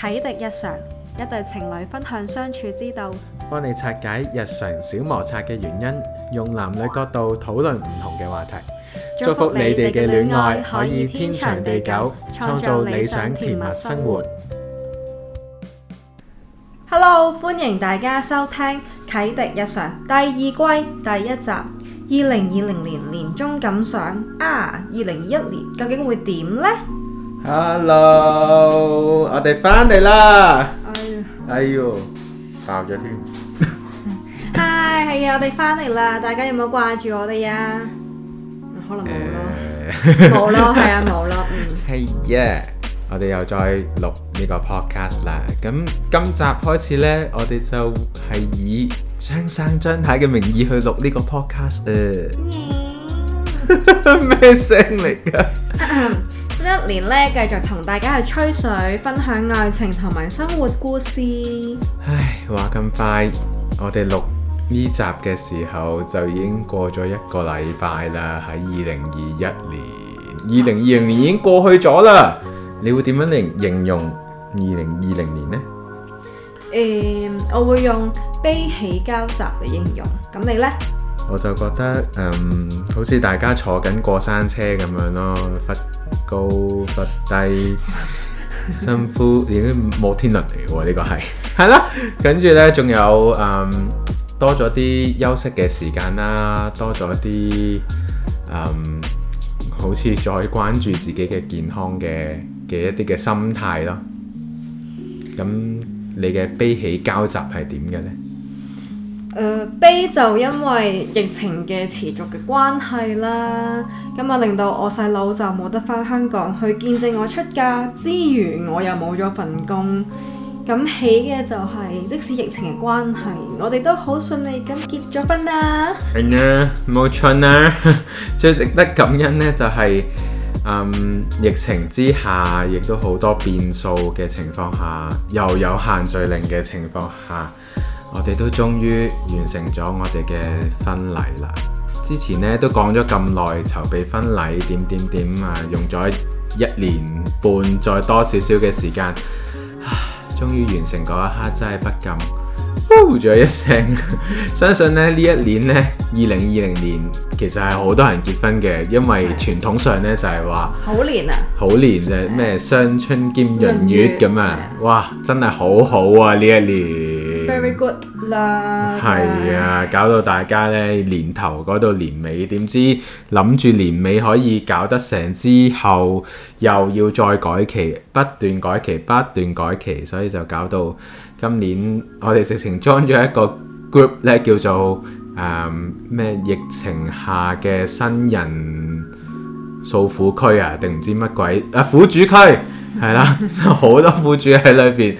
啟迪日常，一對情侶分享相處之道，幫你拆解日常小摩擦嘅原因，用男女角度討論唔同嘅話題，祝福你哋嘅戀愛可以天長地久，創造理想甜蜜生活。Hello，歡迎大家收聽啟迪日常第二季第一集，二零二零年年終感想啊，二零二一年究竟會點呢？Hello，我哋翻嚟啦！哎呦，哎呦，爆咗添。Hi，係啊，我哋翻嚟啦！大家有冇掛住我哋啊？可能冇咯，冇咯，係啊，冇咯。嗯。係呀，我哋又再錄呢個 podcast 啦。咁今集開始呢，我哋就係以張生張太嘅名義去錄呢個 podcast。咦？咩聲嚟㗎？一年咧，繼續同大家去吹水，分享愛情同埋生活故事。唉，話咁快，我哋錄呢集嘅時候就已經過咗一個禮拜啦。喺二零二一年，二零二零年已經過去咗啦。你會點樣嚟形容二零二零年呢？誒、嗯，我會用悲喜交集嚟形容。咁你呢？我就覺得嗯，好似大家坐緊過山車咁樣咯。高忽低，辛苦，已經冇天倫嚟喎，這個、 呢個係係啦。跟住咧，仲有誒多咗啲休息嘅時間啦，多咗啲誒，好似再關注自己嘅健康嘅嘅一啲嘅心態咯。咁你嘅悲喜交集係點嘅呢？誒、呃、悲就因為疫情嘅持續嘅關係啦，咁啊令到我細佬就冇得返香港去見證我出嫁，之餘我又冇咗份工，咁喜嘅就係、是、即使疫情嘅關係，我哋都好順利咁結咗婚啦。係啊、嗯，冇錯啦， 最值得感恩呢就係、是嗯，疫情之下亦都好多變數嘅情況下，又有限聚令嘅情況下。我哋都終於完成咗我哋嘅婚禮啦！之前呢都講咗咁耐籌備婚禮點點點啊，用咗一年半再多少少嘅時間，啊，終於完成嗰一刻真係不禁呼咗一聲。相信呢呢一年呢，二零二零年其實係好多人結婚嘅，因為傳統上呢，就係、係、話好年啊，好年就係咩雙春兼閏月咁啊！月哇，真係好好啊呢一年。 Very good 啦，係 啊，搞到大家咧年頭改到年尾，點知諗住年尾可以搞得成之後，又要再改期，不斷改期，不斷改期，所以就搞到今年我哋直情裝咗一個 group 咧，叫做誒咩、嗯、疫情下嘅新人訴苦區啊，定唔知乜鬼啊苦主區，係啦，好多苦主喺裏邊，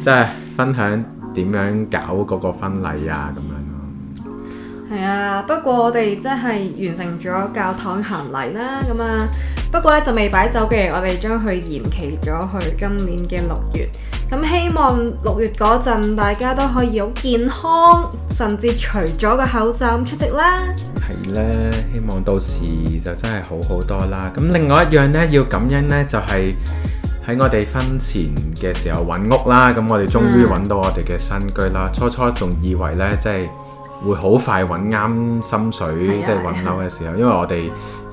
即係分享。點樣搞嗰個婚禮啊？咁樣咯，係啊！不過我哋真係完成咗教堂行禮啦，咁啊，不過咧就未擺酒嘅，我哋將佢延期咗去今年嘅六月。咁希望六月嗰陣大家都可以好健康，甚至除咗個口罩咁出席啦。係咧，希望到時就真係好好多啦。咁另外一樣咧要感恩咧就係。喺我哋婚前嘅時候揾屋啦，咁我哋終於揾到我哋嘅新居啦。嗯、初初仲以為呢，即係會好快揾啱心水。的即係揾樓嘅時候，的因為我哋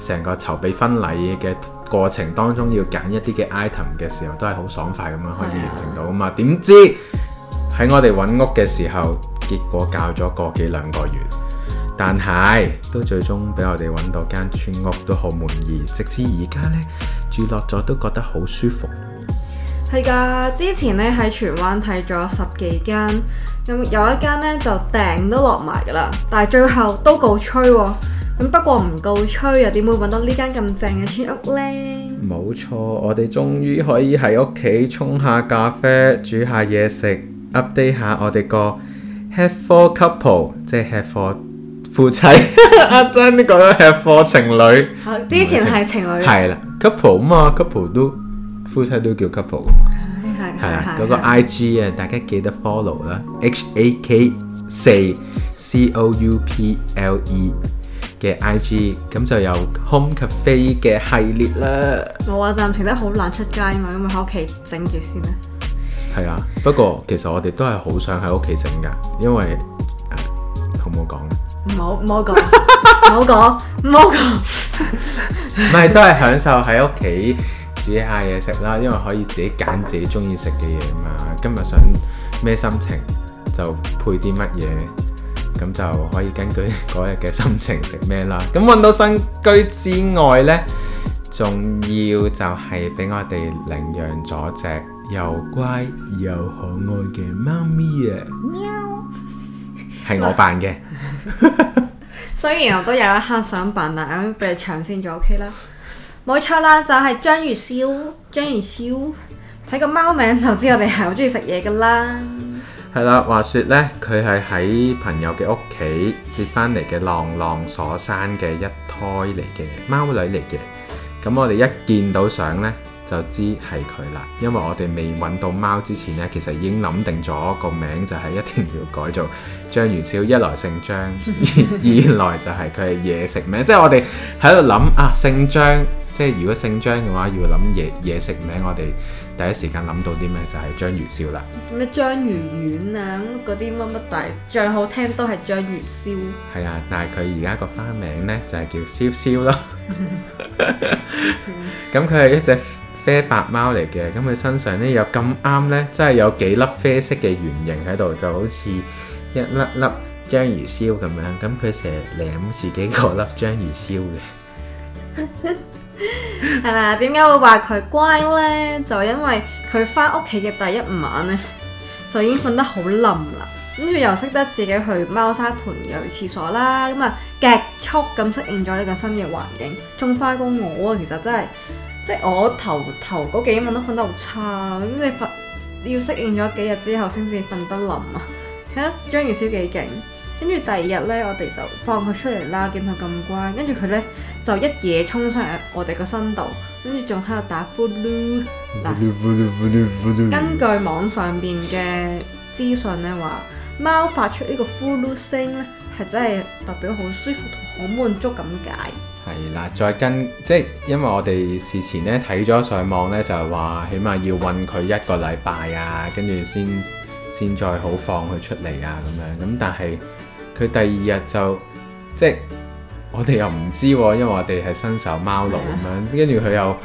成個籌備婚禮嘅過程當中，要揀一啲嘅 item 嘅時候，都係好爽快咁樣可以完成到啊嘛。點的知喺我哋揾屋嘅時候，結果教咗個幾兩個月。但係都最終俾我哋揾到間村屋，都好滿意，直至而家呢，住落咗都覺得好舒服。係㗎，之前呢喺荃灣睇咗十幾間，咁有一間呢就訂都落埋㗎喇，但係最後都告吹咁、哦，不過唔告吹又點會揾到呢間咁正嘅村屋呢？冇錯，我哋終於可以喺屋企沖下咖啡，煮下嘢食，update 下我哋個 heat for couple，即係 heat for。夫妻阿珍講得吃貨情侶、啊，之前係情侶係啦，couple 啊嘛，couple 都夫妻都叫 couple 㗎嘛，係係啦嗰個 I G 啊，的大家記得 follow 啦，h a k 四 c o u p l e 嘅 I G，咁就有 home cafe 嘅系列啦。冇啊，暫停得好難出街啊嘛，咁咪喺屋企整住先啦。係啊， 不過其實我哋都係好想喺屋企整噶，因為好唔好講。好唔好講，唔好講，唔好講。唔係都係享受喺屋企煮下嘢食啦，因為可以自己揀自己中意食嘅嘢嘛。今日想咩心情就配啲乜嘢，咁就可以根據嗰日嘅心情食咩啦。咁揾到新居之外呢，仲要就係俾我哋領養咗隻又乖又可愛嘅貓咪啊！係我扮嘅， 雖然我都有一刻想扮啦，咁俾你搶先咗，OK 啦，冇錯啦，就係章魚燒，章魚燒，睇個貓名就知我哋係好中意食嘢噶啦。係啦，話說呢，佢係喺朋友嘅屋企接翻嚟嘅浪浪所生嘅一胎嚟嘅貓女嚟嘅，咁我哋一見到相呢。就知係佢啦，因為我哋未揾到貓之前呢，其實已經諗定咗個名，就係、是、一定要改做章魚燒。一來姓張，二來就係佢係嘢食名。 即係我哋喺度諗啊，姓張，即係如果姓張嘅話，要諗嘢嘢食名，我哋第一時間諗到啲咩就係章魚燒啦。咩章魚丸啊，嗰啲乜乜，但最好聽都係章魚燒。係啊，但係佢而家個花名呢，就係、是、叫燒燒咯。咁佢係一隻。啡白貓嚟嘅，咁佢身上咧有咁啱咧，真係有幾粒啡色嘅圓形喺度，就好似一粒粒章魚燒咁樣。咁佢成日舐自己個粒章魚燒嘅，係咪啊？點解會話佢乖咧？就因為佢翻屋企嘅第一晚咧，就已經瞓得好冧啦，跟住又識得自己去貓砂盆又去廁所啦，咁啊，極速咁適應咗呢個新嘅環境，仲快過我啊！其實真係～即係我頭頭嗰幾晚都瞓得好差，咁你瞓要適應咗幾日之後先至瞓得腍啊嚇？張元宵幾勁，跟住第二日咧，我哋就放佢出嚟啦，見佢咁乖，跟住佢咧就一夜衝上我哋個身度，跟住仲喺度打呼嚕。根據網上邊嘅資訊咧話，貓發出呢個呼嚕聲咧係真係代表好舒服同好滿足咁解。係啦，再跟即係，因為我哋事前咧睇咗上網咧，就係話起碼要韞佢一個禮拜啊，跟住先先再好放佢出嚟啊咁樣。咁但係佢第二日就即係我哋又唔知啊，因為我哋係新手貓奴咁樣，跟住佢又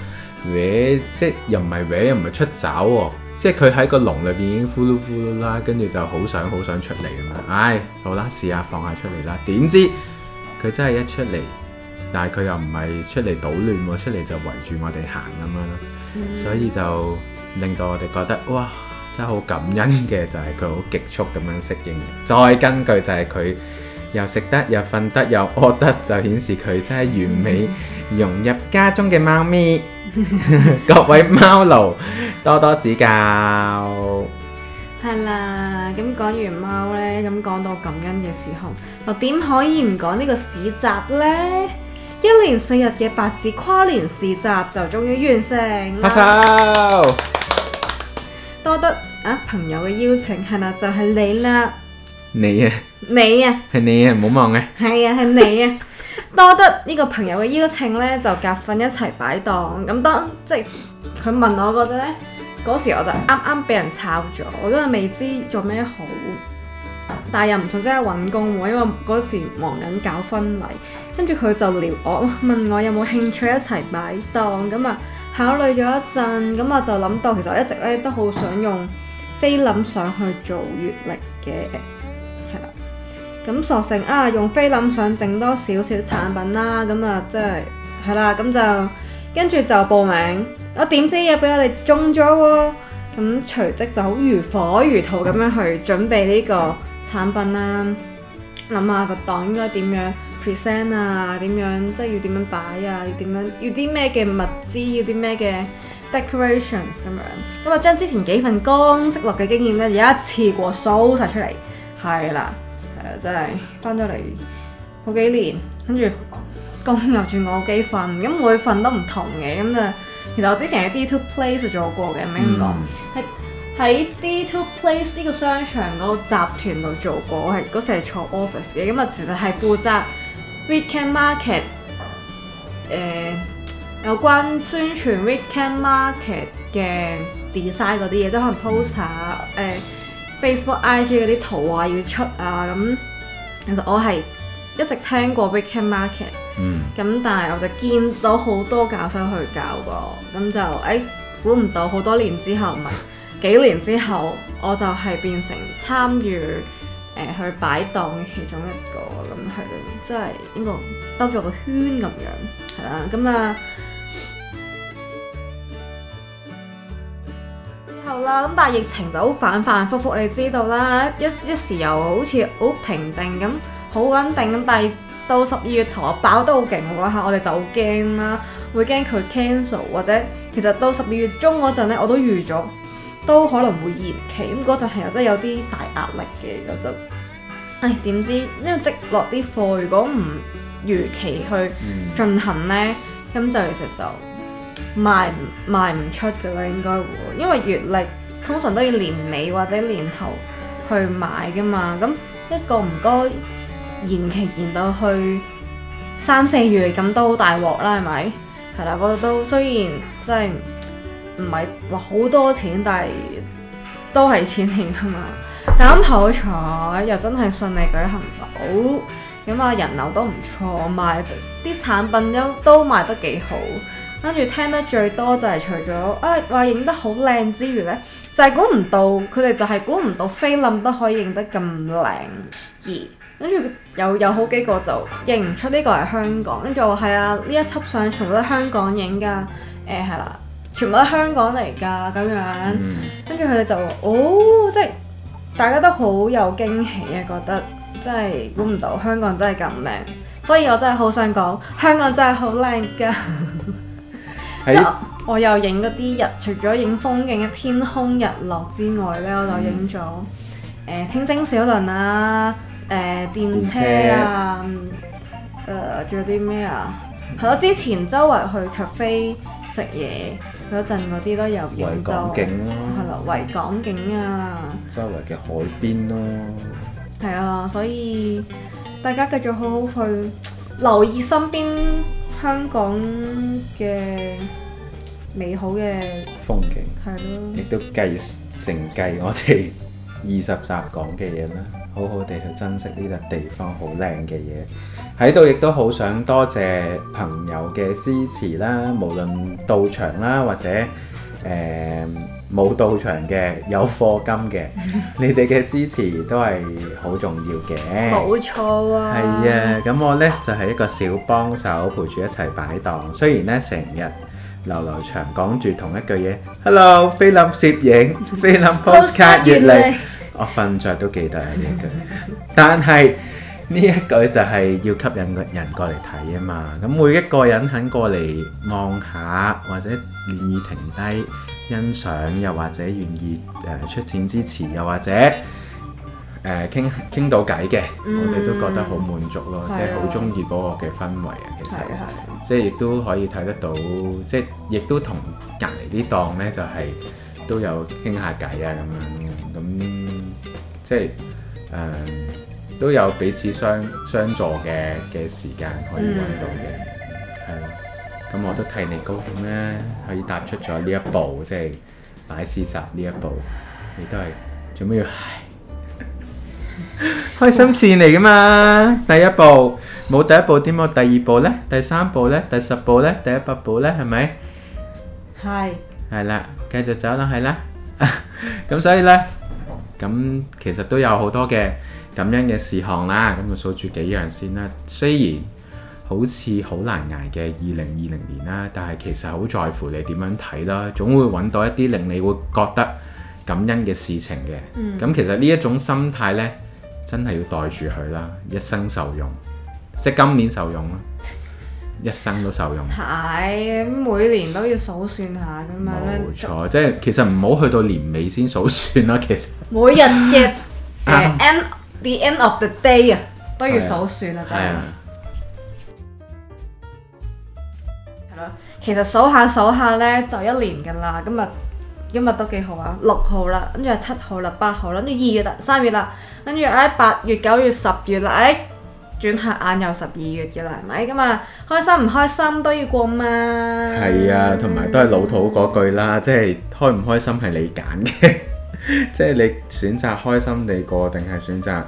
搲，即又唔係搲又唔係出爪喎，即係佢喺個籠裏邊已經呼嚕呼嚕啦，跟住就好想好想出嚟咁樣。唉，好啦，試下放下出嚟啦，點知佢真係一出嚟～但係佢又唔係出嚟搗亂喎，出嚟就圍住我哋行咁樣咯，嗯、所以就令到我哋覺得哇，真係好感恩嘅就係佢好極速咁樣適應嘅。再根據就係佢又食得又瞓得又屙得，就顯示佢真係完美融入家中嘅貓咪。 各位貓奴多多指教。係啦，咁講完貓呢，咁講到感恩嘅時候，我點可以唔講呢個市集呢？一連四日嘅白紙跨年市集就終於完成啦！ 多得啊朋友嘅邀請，係啦就係、是、你啦，你啊，你啊，係你啊，唔好忘嘅，係啊，係你啊， 多得呢個朋友嘅邀請呢，就夾份一齊擺檔。咁當即係佢問我嗰陣呢，嗰時我就啱啱俾人炒咗，我都係未知做咩好。但又唔想即刻揾工喎，因為嗰時忙緊搞婚禮，跟住佢就撩我問我有冇興趣一齊擺檔咁啊。考慮咗一陣咁，我就諗到其實我一直咧都好想用菲林相去做月曆嘅，係啦。咁索性啊，用菲林相整多少少產品啦，咁啊即係係啦，咁就跟住就報名。我點知啊，俾我哋中咗喎！咁隨即就好如火如荼咁樣去準備呢個產品啦、啊，諗下個檔應該點樣 present 啊，點樣即係要點樣擺啊，要點樣要啲咩嘅物資，要啲咩嘅 decorations 咁樣。咁啊、嗯，將之前幾份工積落嘅經驗咧，又一次過掃晒出嚟。係啦、嗯，係啊，真係返咗嚟好幾年，跟住工入住我幾份，咁每份都唔同嘅。咁啊，其實我之前喺 D2 Place 做過嘅，咁樣講係。嗯喺 D2 Place 呢個商場嗰個集團度做過，我係嗰時係坐 office 嘅。咁啊，其實係負責 Weekend Market 誒、呃、有關宣傳 Weekend Market 嘅 design 嗰啲嘢，即係可能 poster 誒、啊呃、Facebook、IG 嗰啲圖啊要出啊。咁其實我係一直聽過 Weekend Market，咁、嗯、但係我就見到好多教授去教過，咁就誒估唔到好多年之後咪、就是、～幾年之後，我就係變成參與誒、呃、去擺檔嘅其中一個咁係，即係應該兜咗個圈咁樣係啦。咁啊之後啦，咁、嗯、但係疫情就好反反覆覆，你知道啦，一一時又好似好平靜咁好穩定咁，但係到十二月頭爆得好勁嗰下，那個、我哋就好驚啦，會驚佢 cancel 或者其實到十二月中嗰陣咧，我都預咗。都可能會延期，咁嗰陣係真係有啲大壓力嘅，咁就，唉，點知，因為積落啲貨，如果唔如期去進行呢，咁、嗯、就其實就賣賣唔出㗎啦，應該會，因為月曆通常都要年尾或者年頭去買噶嘛，咁一個唔該延期延到去三四月咁都好大鑊啦，係咪？係啦，度都雖然真係。唔係話好多錢，但係都係錢嚟㗎嘛。但啱好彩又真係順利舉行到，咁、哦、啊，人流都唔錯，賣啲產品都都賣得幾好。跟住聽得最多就係除咗啊，話影得好靚之餘呢，就係估唔到佢哋就係估唔到菲林都可以影得咁靚。而跟住有有好幾個就認唔出呢個係香港，跟住話係啊，呢一輯相全部都香港影㗎。誒係啦。全部喺香港嚟㗎，咁樣，跟住佢哋就話哦，即係大家都好有驚喜啊！覺得真係估唔到香港真係咁靚，所以我真係好想講香港真係好靚㗎！我又影嗰啲日，除咗影風景嘅天空日落之外呢、嗯、我就影咗誒天星小輪啊、誒、呃、電車啊、誒仲車、呃、有啲咩啊？係咯、嗯，之前周圍去 cafe 食嘢。嗰陣嗰啲都有港景就係啦，維港景啊，周圍嘅海邊咯、啊，係啊，所以大家繼續好好去留意身邊香港嘅美好嘅風景，係咯的，亦都繼承繼我哋。二十集講嘅嘢啦，好好地去珍惜呢個地方好靚嘅嘢。喺度亦都好想多謝朋友嘅支持啦，無論到場啦或者誒冇到場嘅有課金嘅， 你哋嘅支持都係好重要嘅。冇錯喎。係啊，咁、啊、我呢，就係、是、一個小幫手陪住一齊擺檔，雖然呢成日。流流長講住同一句嘢，Hello 菲林攝影， 菲林 postcard 越嚟，來我瞓着都記得一呢句。 但係呢一句就係要吸引個人過嚟睇啊嘛。咁每一個人肯過嚟望下，或者願意停低欣賞，又或者願意誒出錢支持，又或者。誒傾傾到偈嘅，嗯、我哋都覺得好滿足咯，的即係好中意嗰個嘅氛圍啊。其實，即係亦都可以睇得到，即係亦都同隔離啲檔呢，就係、是、都有傾下偈啊咁樣。咁即係誒、呃、都有彼此相相助嘅嘅時間可以揾到嘅。係咯、嗯，咁、嗯、我都替你高興呢，可以踏出咗呢一步，即係擺市集呢一步，你都係做咩要。開心線嚟噶嘛？第一步冇第一步，點啊？第二步呢？第三步呢？第十步呢？第一百步呢？係咪？係係啦，繼續走啦，係啦。咁 所以呢，咁其實都有好多嘅感恩嘅事項啦。咁就數住幾樣先啦。雖然好似好難捱嘅二零二零年啦，但係其實好在乎你點樣睇啦，總會揾到一啲令你會覺得感恩嘅事情嘅。咁、嗯、其實呢一種心態呢，真係要袋住佢啦，一生受用，即係今年受用啦，一生都受用。係 每年都要數算下噶嘛。冇錯，就即係其實唔好去到年尾先數算啦、啊。其實每日嘅誒 end the end of the day 啊， 都要數算 啊，真係係咯。 其實數下數下咧，就一年噶啦。今日今日都幾號啊？六號啦，跟住係七號啦，八號啦，跟住二月啦，三月啦。跟住誒八月九月十月啦，誒轉下眼又十二月嘅啦，係咪咁啊？開心唔開心都要過嘛。係啊，同埋都係老土嗰句啦，即係開唔開心係你揀嘅，即係你選擇 開心地過定係選擇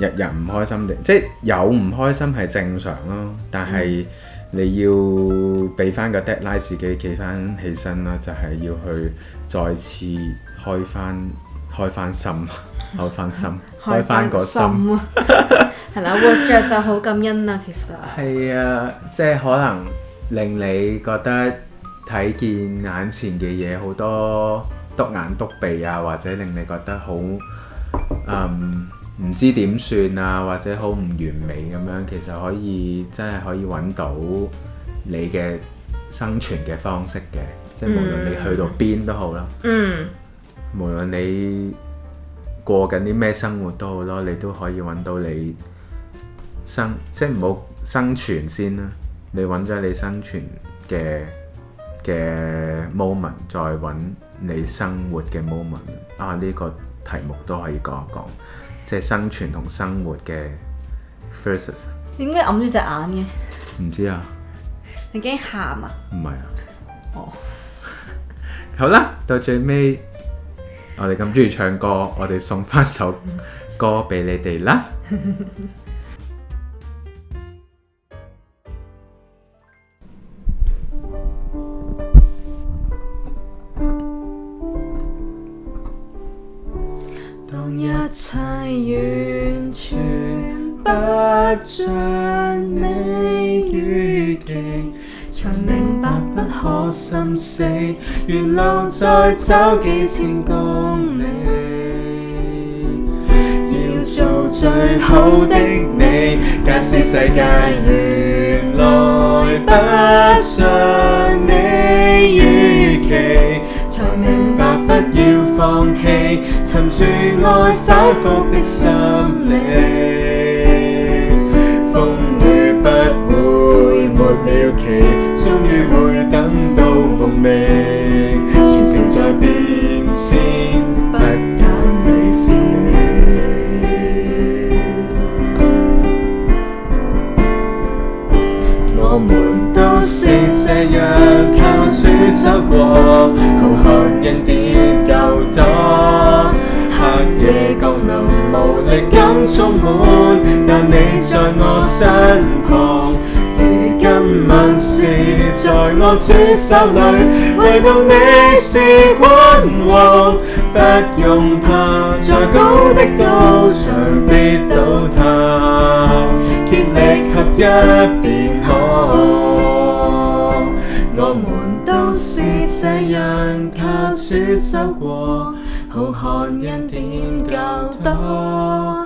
日日唔開心地，即係有唔開心係正常咯。但係你要俾翻個 deadline 自己企翻起身啦，就係、是、要去再次開翻開翻心，開翻心。 開翻個心，係 啦， 活着就好感恩啦。其實係啊，即係可能令你覺得睇見眼前嘅嘢，好多篤眼篤鼻啊，或者令你覺得好嗯唔知點算啊，或者好唔完美咁樣。其實可以真係可以揾到你嘅生存嘅方式嘅，即係無論你去到邊都好啦。嗯，無論你。過緊啲咩生活都好咯，你都可以揾到你生即係唔好生存先啦。你揾咗你生存嘅嘅 moment，再揾你生活嘅 moment 啊！呢個題目都可以講一講，即係生存同生活嘅 versus。點解揞住隻眼嘅？唔知啊，你驚喊啊？唔係啊。哦。好啦，到最尾。我哋咁中意唱歌，我哋送翻首歌俾你哋啦～ 沿路再走幾千公里，要做最好的你。假使世界原來不像你預期，才明白不要放棄，沉住愛反覆的想你。全城在變遷，不減你是你。 我們都是這樣靠住走過，酷寒 人跌夠多，黑 夜 降臨無力感充滿， 但你在我身旁。事在我主手裡，唯獨你是君王，不用怕，在高的高牆必倒塌，竭力合一便可。我們都是這樣靠主手過，好看人點夠多。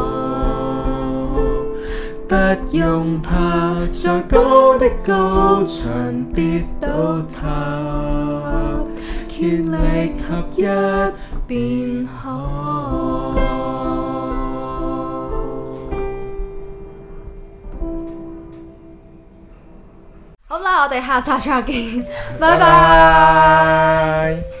不用怕，再高的高牆別倒塌，竭力合一便可。好啦，我哋下集再見，拜拜。